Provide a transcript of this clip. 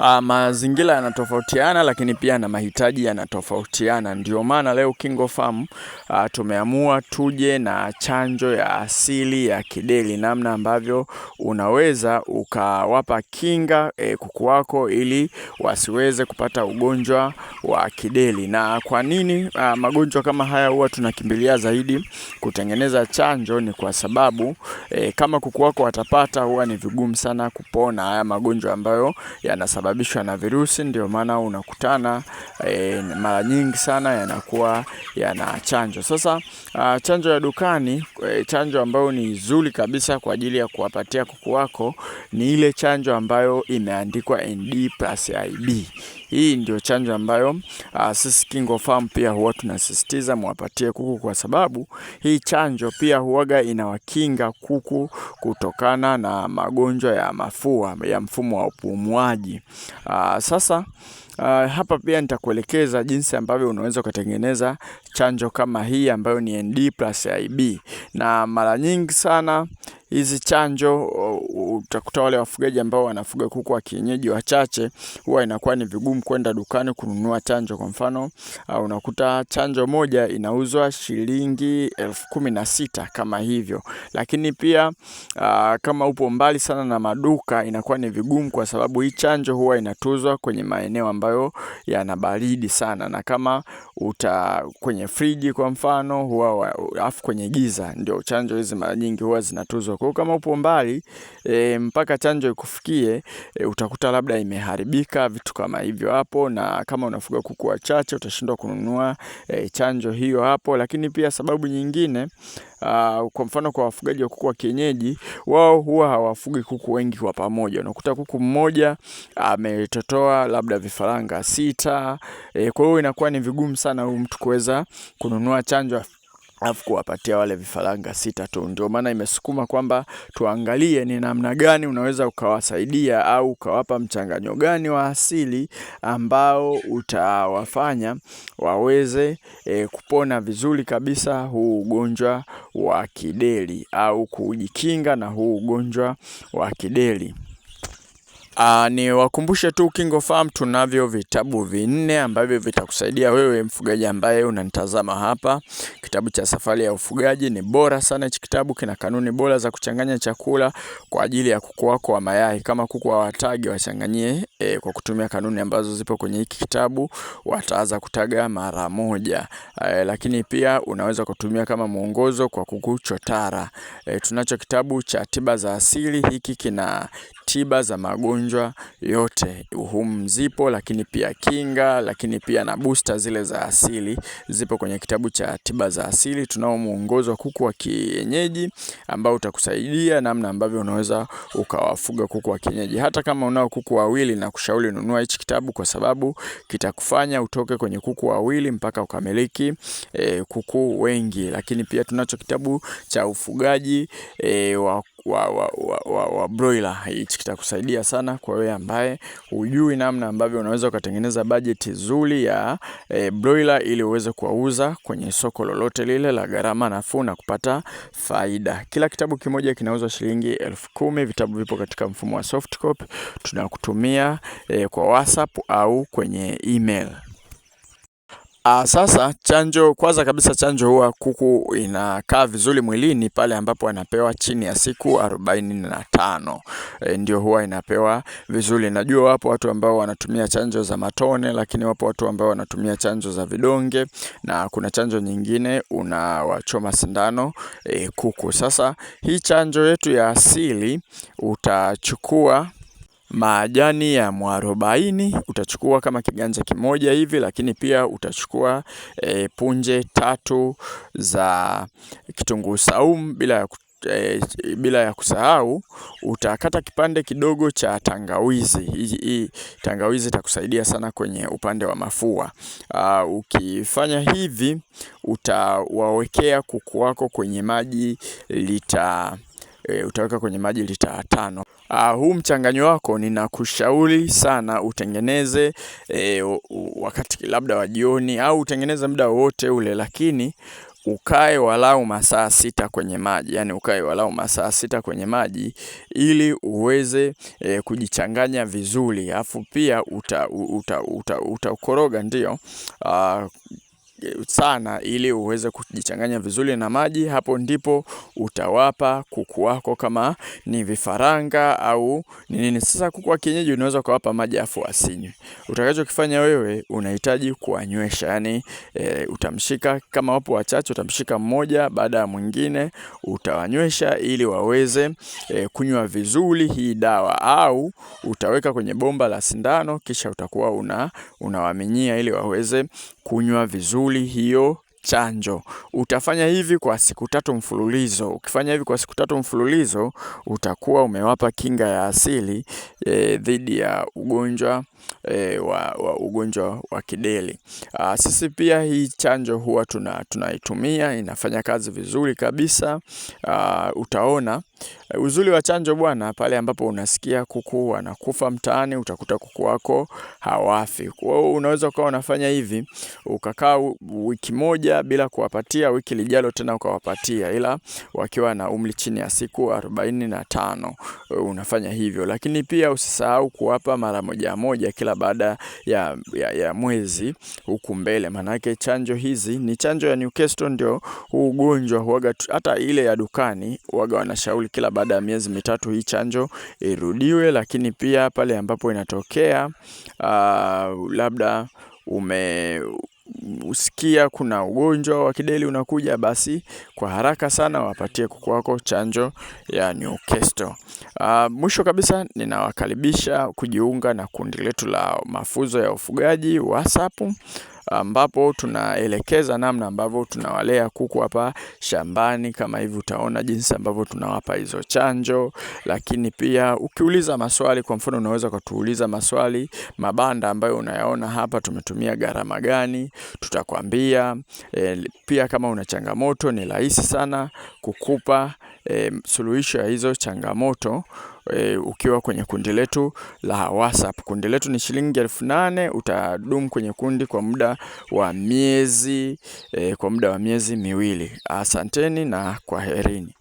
Uh, mazingira yanatofautiana lakini pia na mahitaji yanatofautiana. Ndio maana leo KingoFarm uh, ah, tumeamua tuje na chanjo ya asili ya kideli namna ambavyo unaweza ukawapa kinga e, kuku wako ili wasiweze kupata ugonjwa wa kideli Na kwa nini uh, magonjwa kama haya huwa tunakimbilia zaidi kutengeneza chanjo? Ni kwa sababu e, kama kuku wako watapata, huwa ni vigumu sana kupona haya magonjwa ambayo yanasababisha yanasababishwa na virusi, ndio maana unakutana e, mara nyingi sana yanakuwa yana chanjo. Sasa a, chanjo ya dukani e, chanjo ambayo ni nzuri kabisa kwa ajili ya kuwapatia kuku wako ni ile chanjo ambayo imeandikwa ND plus IB. Hii ndio chanjo ambayo uh, sisi Kingo KingoFarm pia huwa tunasisitiza mwapatie kuku, kwa sababu hii chanjo pia huwaga inawakinga kuku kutokana na magonjwa ya mafua ya mfumo wa upumuaji. Aa, ah, sasa Uh, hapa pia nitakuelekeza jinsi ambavyo unaweza ukatengeneza chanjo kama hii ambayo ni ND plus IB, na mara nyingi sana hizi chanjo utakuta wale wafugaji ambao wanafuga kuku wa kienyeji wachache, huwa inakuwa ni vigumu kwenda dukani kununua chanjo. Kwa mfano, unakuta chanjo moja inauzwa shilingi elfu kumi na sita kama hivyo, lakini pia uh, kama upo mbali sana na maduka inakuwa ni vigumu, kwa sababu hii chanjo huwa inatuzwa kwenye maeneo ambayo yana baridi sana, na kama uta kwenye friji kwa mfano huwa afu kwenye giza, ndio chanjo hizi mara nyingi huwa zinatuzwa kwa hiyo kama upo mbali e, mpaka chanjo ikufikie e, utakuta labda imeharibika, vitu kama hivyo hapo, na kama unafuga kuku wachache utashindwa kununua e, chanjo hiyo hapo. Lakini pia sababu nyingine Uh, kwa mfano kwa wafugaji wa kuku wa kienyeji, wao huwa hawafugi kuku wengi kwa pamoja. Unakuta kuku mmoja ametotoa uh, labda vifaranga sita. E, kwa hiyo inakuwa ni vigumu sana huyu mtu kuweza kununua chanjo alafu kuwapatia wale vifaranga sita tu. Ndio maana imesukuma kwamba tuangalie ni namna gani unaweza ukawasaidia au ukawapa mchanganyo gani wa asili ambao utawafanya waweze e, kupona vizuri kabisa huu ugonjwa wa kideri au kujikinga na huu ugonjwa wa kideri. Uh, ni wakumbushe tu Farm tunavyo vitabu vinne ambavyo vitakusaidia wewe mfugaji ambaye unanitazama hapa. Kitabu cha Safari ya Ufugaji ni bora sana, hichi kitabu kina kanuni bora za kuchanganya chakula kwa ajili ya kuku wako wa mayai. Kama kuku wa watage wachanganyie eh, kwa kutumia kanuni ambazo zipo kwenye hiki kitabu wataanza kutaga mara moja. Eh, lakini pia unaweza kutumia kama mwongozo kwa kuku chotara. E, tunacho kitabu cha Tiba za Asili, hiki kina tiba za magonjwa yote humu zipo, lakini pia kinga, lakini pia na booster zile za asili zipo kwenye kitabu cha tiba za asili. Tunao muongozo wa kuku wa kienyeji ambao utakusaidia namna ambavyo unaweza ukawafuga kuku wa kienyeji. Hata kama unao kuku wawili, na kushauri nunua hichi kitabu kwa sababu kitakufanya utoke kwenye kuku wawili mpaka ukamiliki e, kuku wengi. Lakini pia tunacho kitabu cha ufugaji e, wa wa, wa, wa, wa, wa broiler. Hichi kitakusaidia sana kwa wewe ambaye hujui namna ambavyo unaweza ukatengeneza bajeti nzuri ya e, broiler ili uweze kuwauza kwenye soko lolote lile la gharama nafuu na kupata faida. Kila kitabu kimoja kinauzwa shilingi elfu kumi. Vitabu vipo katika mfumo wa soft copy, tunakutumia e, kwa WhatsApp au kwenye email. Aa, ah, sasa chanjo, kwanza kabisa chanjo huwa kuku inakaa vizuri mwilini pale ambapo anapewa chini ya siku arobaini na tano. E, ndio huwa inapewa vizuri. Najua wapo watu ambao wanatumia chanjo za matone, lakini wapo watu ambao wanatumia chanjo za vidonge na kuna chanjo nyingine unawachoma sindano e, kuku. Sasa hii chanjo yetu ya asili utachukua majani ya mwarobaini utachukua kama kiganja kimoja hivi, lakini pia utachukua e, punje tatu za kitunguu saumu bila ya E, bila ya kusahau utakata kipande kidogo cha tangawizi. Hii tangawizi itakusaidia sana kwenye upande wa mafua. Aa, ah, ukifanya hivi utawawekea kuku wako kwenye maji lita e, utaweka kwenye maji lita tano. Ah, huu mchanganyo wako ninakushauri sana utengeneze e, wakati labda wa jioni au utengeneze muda wowote ule, lakini ukae walau masaa sita kwenye maji, yani ukae walau masaa sita kwenye maji ili uweze e, kujichanganya vizuri, afu pia uta, uta, uta, uta ndio ndio sana ili uweze kujichanganya vizuri na maji. Hapo ndipo utawapa kuku wako kama ni vifaranga au ni nini. Sasa kuku wa kienyeji unaweza kuwapa maji afu asinywe. Utakachokifanya wewe unahitaji kuwanywesha, yani e, utamshika kama wapo wachache, utamshika mmoja baada ya mwingine, utawanywesha ili waweze e, kunywa vizuri hii dawa, au utaweka kwenye bomba la sindano, kisha utakuwa una unawaminyia ili waweze kunywa vizuri shughuli hiyo chanjo. Utafanya hivi kwa siku tatu mfululizo. Ukifanya hivi kwa siku tatu mfululizo, utakuwa umewapa kinga ya asili e, dhidi ya ugonjwa e, wa, wa ugonjwa wa kideli. Aa, ah, sisi pia hii chanjo huwa tuna, tunaitumia inafanya kazi vizuri kabisa. Aa, ah, utaona eh, uzuri wa chanjo bwana, pale ambapo unasikia kuku wanakufa mtaani, utakuta kuku wako hawafi. Kwa hiyo unaweza ukawa unafanya hivi, ukakaa wiki moja bila kuwapatia, wiki lijalo tena ukawapatia, ila wakiwa na umri chini ya siku arobaini na tano eh, unafanya hivyo, lakini pia usisahau kuwapa mara moja moja moja kila baada ya, ya, ya mwezi huku mbele. Maanake chanjo hizi ni chanjo ya Newcastle, ndio huu ugonjwa huaga, hata ile ya dukani huaga wanashauri kila baada ya miezi mitatu hii chanjo irudiwe, lakini pia pale ambapo inatokea uh, labda ume usikia kuna ugonjwa wa kideli unakuja, basi kwa haraka sana wapatie kuku wako chanjo ya Newcastle. Uh, mwisho kabisa ninawakaribisha kujiunga na kundi letu la mafunzo ya ufugaji WhatsApp ambapo tunaelekeza namna ambavyo tunawalea kuku hapa shambani. Kama hivi utaona jinsi ambavyo tunawapa hizo chanjo, lakini pia ukiuliza maswali, kwa mfano unaweza kutuuliza maswali, mabanda ambayo unayaona hapa tumetumia gharama gani, tutakwambia. E, pia kama una changamoto ni rahisi sana kukupa e, suluhisho ya hizo changamoto e, ukiwa kwenye kundi letu la WhatsApp. Kundi letu ni shilingi elfu nane. Utadumu kwenye kundi kwa muda wa miezi e, kwa muda wa miezi miwili. Asanteni na kwaherini.